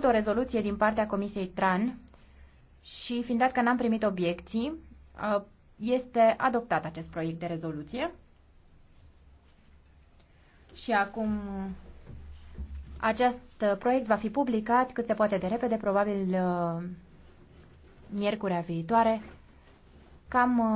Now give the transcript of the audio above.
făcut o rezoluție din partea Comisiei TRAN și fiind dat că n-am primit obiecții, uh, este adoptat acest proiect de rezoluție. Și acum acest proiect va fi publicat cât se poate de repede, probabil uh, miercurea viitoare, cam uh,